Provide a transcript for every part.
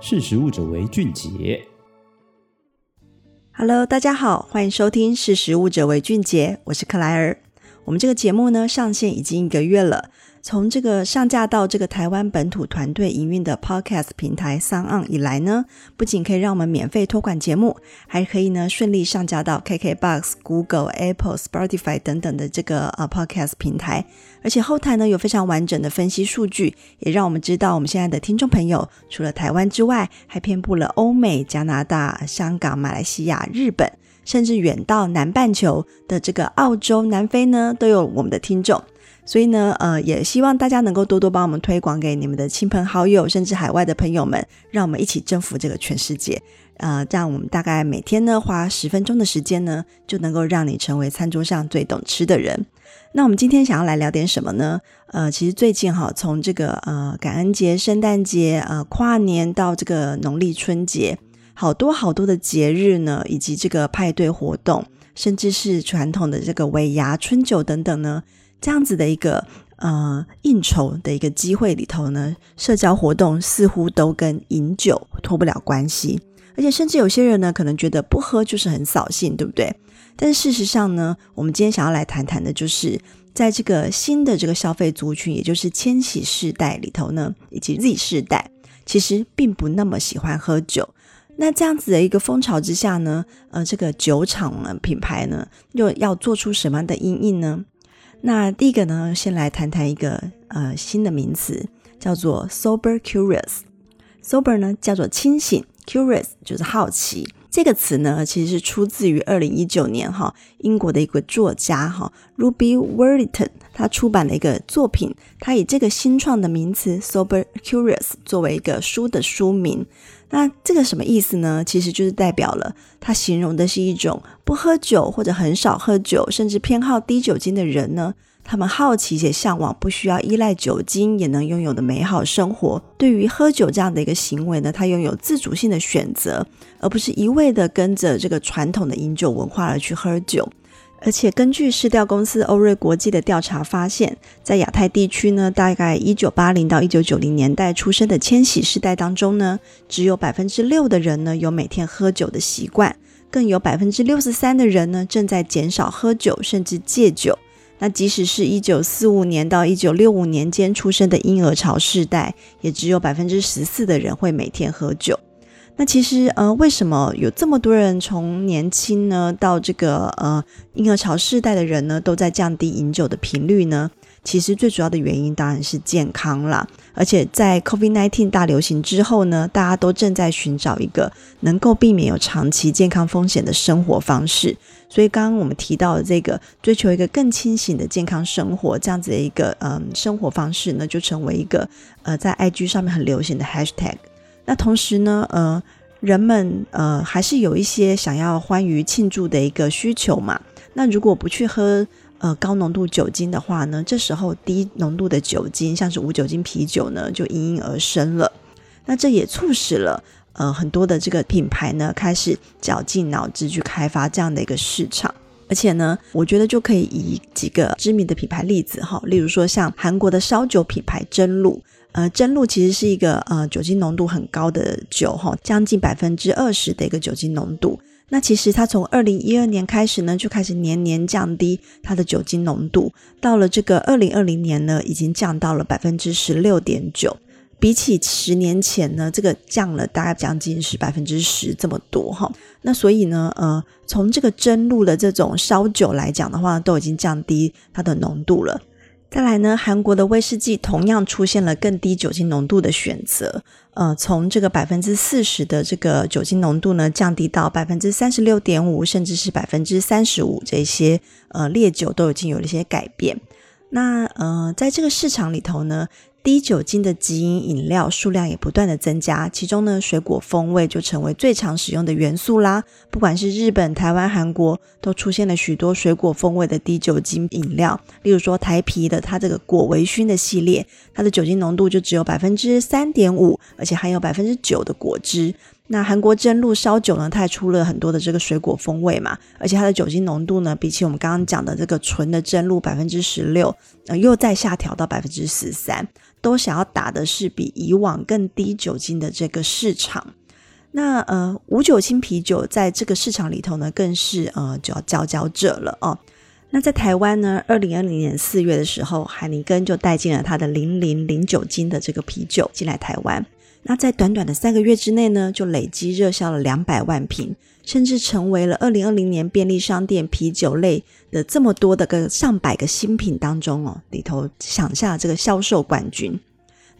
識食物者為俊傑。Hello，大家好，歡迎收聽識食物者為俊傑，我是克萊兒。我們這個節目呢，上線已經一個月了，從這個上架到這個台灣本土團隊營運的 Podcast 平台 SoundOn 以來呢，不僅可以讓我們免費托管節目，還可以呢順利上架到 KKBox、Google、Apple、Spotify 等等的這個呃 Podcast 平台，而且後台呢有非常完整的分析數據，也讓我們知道我們現在的聽眾朋友除了台灣之外，還遍布了歐美、加拿大、香港、馬來西亞、日本。甚至遠到南半球的這個澳洲、南非呢，都有我們的聽眾，所以呢，呃，也希望大家能夠多多幫我們推廣給你們的親朋好友，甚至海外的朋友們，讓我們一起征服這個全世界。呃，這樣我們大概每天呢花十分鐘的時間呢，就能夠讓你成為餐桌上最懂吃的人。那我們今天想要來聊點什麼呢？呃，其實最近哈，從這個呃感恩節、聖誕節、呃跨年到這個農曆春節。好多好多的節日呢，以及這個派對活動，甚至是傳統的這個尾牙、春酒等等呢，這樣子的一個呃應酬的一個機會裡頭呢，社交活動似乎都跟飲酒脫不了關係，而且甚至有些人呢，可能覺得不喝就是很掃興，對不對？但事實上呢，我們今天想要來談談的就是，在這個新的這個消費族群，也就是千禧世代裡頭呢，以及 Z 世代，其實並不那麼喜歡喝酒。那這樣子的一個風潮之下呢，呃，這個酒廠品牌呢，又要做出什麼樣的因應呢？那第一個呢，先來談談一個呃新的名詞，叫做 sober curious。sober 呢叫做清醒，curious 就是好奇。這個詞呢，其實是出自於二零一九年哈英國的一個作家哈 Ruby Warrington，他出版的一個作品，他以這個新創的名詞 sober curious 作為一個書的書名。那這個什麼意思呢？其實就是代表了，它形容的是一種不喝酒或者很少喝酒，甚至偏好低酒精的人呢，他們好奇且嚮往，不需要依賴酒精也能擁有的美好生活。對於喝酒這樣的一個行為呢，他擁有自主性的選擇，而不是一味的跟着這個傳統的飲酒文化而去喝酒。而且根據市調公司歐瑞國際的調查發現，在亞太地區呢，大概1980到1990年代出生的千禧世代當中呢，只有6%的人呢有每天喝酒的習慣，更有63%的人呢正在減少喝酒，甚至戒酒。那即使是1945年到1965年間出生的嬰兒潮世代，也只有14%的人會每天喝酒。那其實，呃，為什麼有這麼多人從年輕呢到這個呃嬰兒潮世代的人呢，都在降低飲酒的頻率呢？其實最主要的原因當然是健康啦。而且在 COVID-19 大流行之後呢，大家都正在尋找一個能夠避免有長期健康風險的生活方式。所以剛剛我們提到的這個追求一個更清醒的健康生活這樣子的一個呃生活方式呢，就成為一個呃在 IG 上面很流行的 hashtag。那同時呢，呃，人們呃還是有一些想要歡愉慶祝的一個需求嘛。那如果不去喝呃高濃度酒精的話呢，這時候低濃度的酒精，像是無酒精啤酒呢，就應運而生了。那這也促使了呃很多的這個品牌呢，開始絞盡腦汁去開發這樣的一個市場。而且呢，我覺得就可以以幾個知名的品牌例子哈，例如說像韓國的燒酒品牌真露，呃，真露其實是一個呃酒精濃度很高的酒哈，將近百分之二十的一個酒精濃度。那其實它從二零一二年開始呢，就開始年年降低它的酒精濃度，到了這個二零二零年呢，已經降到了百分之十六點九。比起十年前呢，這個降了大概將近是百分之十這麼多哈。那所以呢，呃，從這個蒸餾的這種燒酒來講的話，都已經降低它的濃度了。再來呢，韓國的威士忌同樣出現了更低酒精濃度的選擇。呃，從這個百分之四十的這個酒精濃度呢，降低到百分之三十六點五，甚至是百分之三十五，這些呃烈酒都已經有一些改變。那呃，在這個市場裡頭呢。低酒精的即飲飲料數量也不斷的增加，其中呢，水果風味就成為最常使用的元素啦。不管是日本、台灣、韓國，都出現了許多水果風味的低酒精飲料。例如說台啤，台啤的它這個果微醺的系列，它的酒精濃度就只有百分之三點五，而且含有百分之九的果汁。那韓國真露燒酒呢，它還出了很多的這個水果風味嘛，而且它的酒精濃度呢，比起我們剛剛講的這個純的真露百分之十六，又再下調到百分之十三。都想要打的是比以往更低酒精的這個市場，那呃無酒精啤酒在這個市場裡頭呢，更是呃叫佼佼者了哦。那在台灣呢，二零二零年四月的時候，海尼根就帶進了他的零零零酒精的這個啤酒進來台灣。那在短短的三個月之內呢，就累積熱銷了兩百萬瓶，甚至成為了二零二零年便利商店啤酒類的這麼多的個上百個新品當中哦，裡頭搶下了這個銷售冠軍。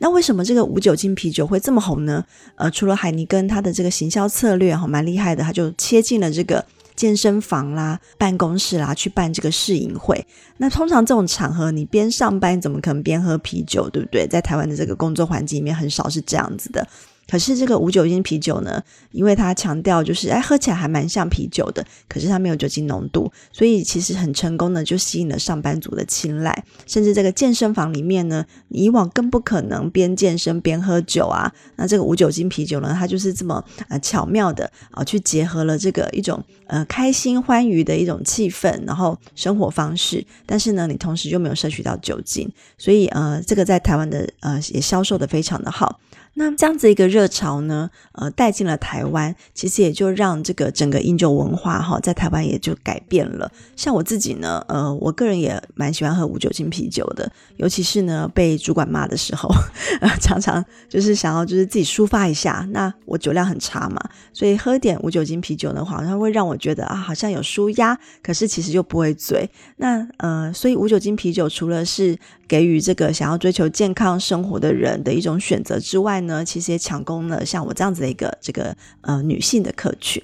那為什麼這個無酒精啤酒會這麼紅呢？呃，除了海尼根它的這個行銷策略哦，蠻厲害的，它就切進了這個。健身房啦，辦公室啦，去辦這個試飲會。那通常這種場合，你邊上班怎麼可能邊喝啤酒，對不對？在台灣的這個工作環境裡面，很少是這樣子的。可是這個無酒精啤酒呢，因為它強調就是哎，喝起來還蠻像啤酒的，可是它沒有酒精濃度，所以其實很成功的就吸引了上班族的青睞，甚至這個健身房裡面呢，以往更不可能邊健身邊喝酒啊。那這個無酒精啤酒呢，它就是這麼、呃、巧妙的啊、呃、去結合了這個一種呃開心歡愉的一種氣氛，然後生活方式，但是呢，你同時又沒有攝取到酒精，所以呃，這個在台灣的呃也銷售得非常的好。那這樣子一個熱潮呢，呃，帶進了台灣，其實也就讓這個整個飲酒文化哈，在台灣也就改變了。像我自己呢，呃，我個人也蠻喜歡喝無酒精啤酒的，尤其是呢被主管罵的時候，呃，常常就是想要就是自己抒發一下。那我酒量很差嘛，所以喝點無酒精啤酒呢，好像會讓我覺得啊，好像有舒壓，可是其實就不會醉。那呃，所以無酒精啤酒除了是給予這個想要追求健康生活的人的一種選擇之外呢，呢，其實也搶攻了像我這樣子的一個這個呃女性的客群。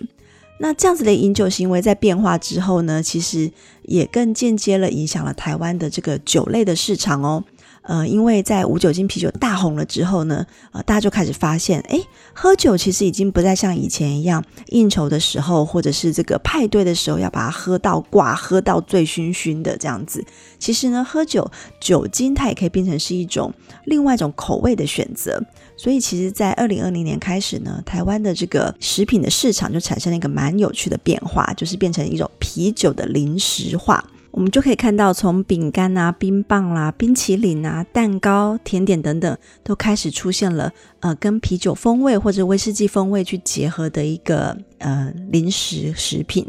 那這樣子的飲酒行為在變化之後呢，其實也更間接了影響了台灣的這個酒類的市場哦。呃，因為在無酒精啤酒大紅了之後呢，呃，大家就開始發現，哎，喝酒其實已經不再像以前一樣應酬的時候或者是這個派對的時候要把它喝到掛、喝到醉醺醺的這樣子。其實呢，喝酒，酒精它也可以變成是一種另外一種口味的選擇。所以其實，在二零二零年開始呢，台灣的這個食品的市場就產生了一個蠻有趣的變化，就是變成一種啤酒的零食化。我們就可以看到，從餅乾啊、冰棒啦、啊、冰淇淋啊、蛋糕、甜點等等，都開始出現了呃，跟啤酒風味或者威士忌風味去結合的一個呃零食食品。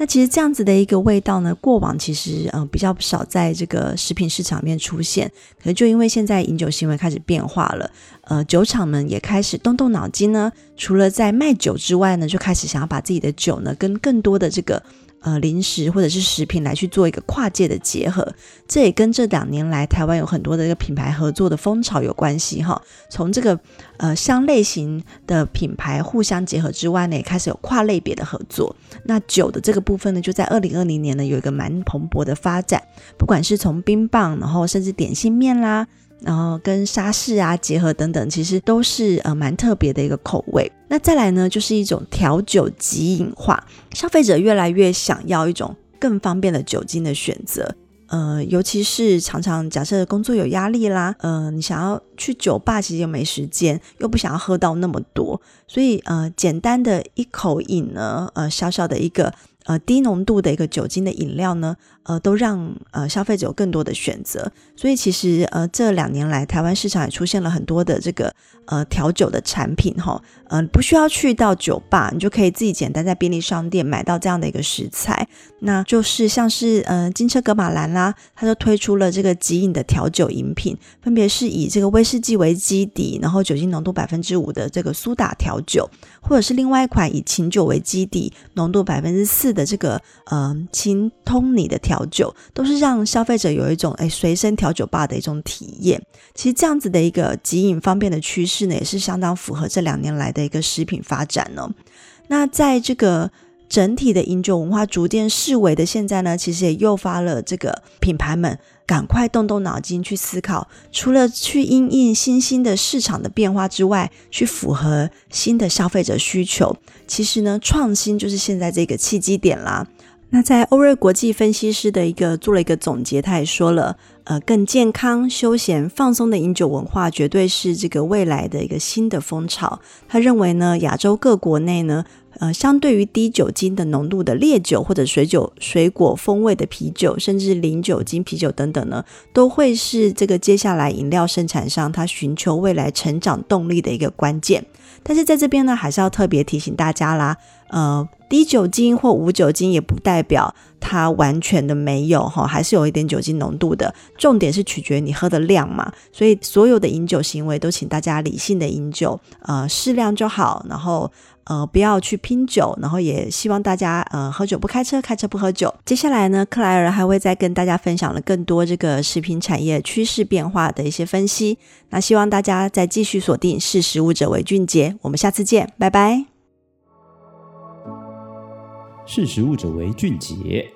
那其實這樣子的一個味道呢，過往其實嗯、呃、比較少在這個食品市場裡面出現，可能就因為現在飲酒行為開始變化了，呃，酒廠們也開始動動腦筋呢，除了在賣酒之外呢，就開始想要把自己的酒呢跟更多的這個。呃，零食或者是食品來去做一個跨界的結合，這也跟這兩年來台灣有很多的一個品牌合作的風潮有關係哈。從這個呃相類型的品牌互相結合之外呢，也開始有跨類別的合作。那酒的這個部分呢，就在二零二零年呢有一個蠻蓬勃的發展，不管是從冰棒，然後甚至點心麵啦。然後跟沙士啊結合等等，其實都是呃蠻特別的一個口味。那再來呢，就是一種調酒即飲化，消費者越來越想要一種更方便的酒精的選擇。呃，尤其是常常假設工作有壓力啦，呃，你想要去酒吧其實又沒時間，又不想要喝到那麼多，所以呃，簡單的一口飲呢，呃，小小的一個。呃，低濃度的一個酒精的飲料呢，呃，都讓呃消費者有更多的選擇。所以其實呃，這兩年來，台灣市場也出現了很多的這個呃調酒的產品齁，呃，不需要去到酒吧，你就可以自己簡單在便利商店買到這樣的一個食材。那就是像是呃金車噶瑪蘭啦、啊，它就推出了這個即飲的調酒飲品，分別是以這個威士忌為基底，然後酒精濃度百分之五的這個蘇打調酒，或者是另外一款以琴酒為基底，濃度百分之四。的這個嗯，精通你的調酒，都是讓消費者有一種哎，隨身調酒吧的一種體驗。其實這樣子的一個即飲方便的趨勢呢，也是相當符合這兩年來的一個食品發展呢、哦。那在這個。整體的飲酒文化逐漸式微的現在呢，其實也誘發了這個品牌們趕快動動腦筋去思考，除了去因應新興的市場的變化之外，去符合新的消費者需求。其實呢，創新就是現在這個契機點啦。那在歐瑞國際分析師的一個做了一個總結，他也說了，呃，更健康、休閒、放鬆的飲酒文化絕對是這個未來的一個新的風潮。他認為呢，亞洲各國內呢。呃，相對於低酒精的濃度的烈酒或者水酒、水果風味的啤酒，甚至零酒精啤酒等等呢，都會是這個接下來飲料生產商它尋求未來成長動力的一個關鍵。但是在這邊呢，還是要特別提醒大家啦，呃，低酒精或無酒精也不代表它完全的沒有哈，還是有一點酒精濃度的。重點是取決於你喝的量嘛，所以所有的飲酒行為都請大家理性的飲酒，呃，適量就好，然後。呃，不要去拼酒，然後也希望大家呃，喝酒不開車，開車不喝酒。接下來呢，克萊爾還會再跟大家分享了更多這個食品產業趨勢變化的一些分析。那希望大家再繼續鎖定“識食物者為俊傑”，我們下次見，拜拜。識食物者為俊傑。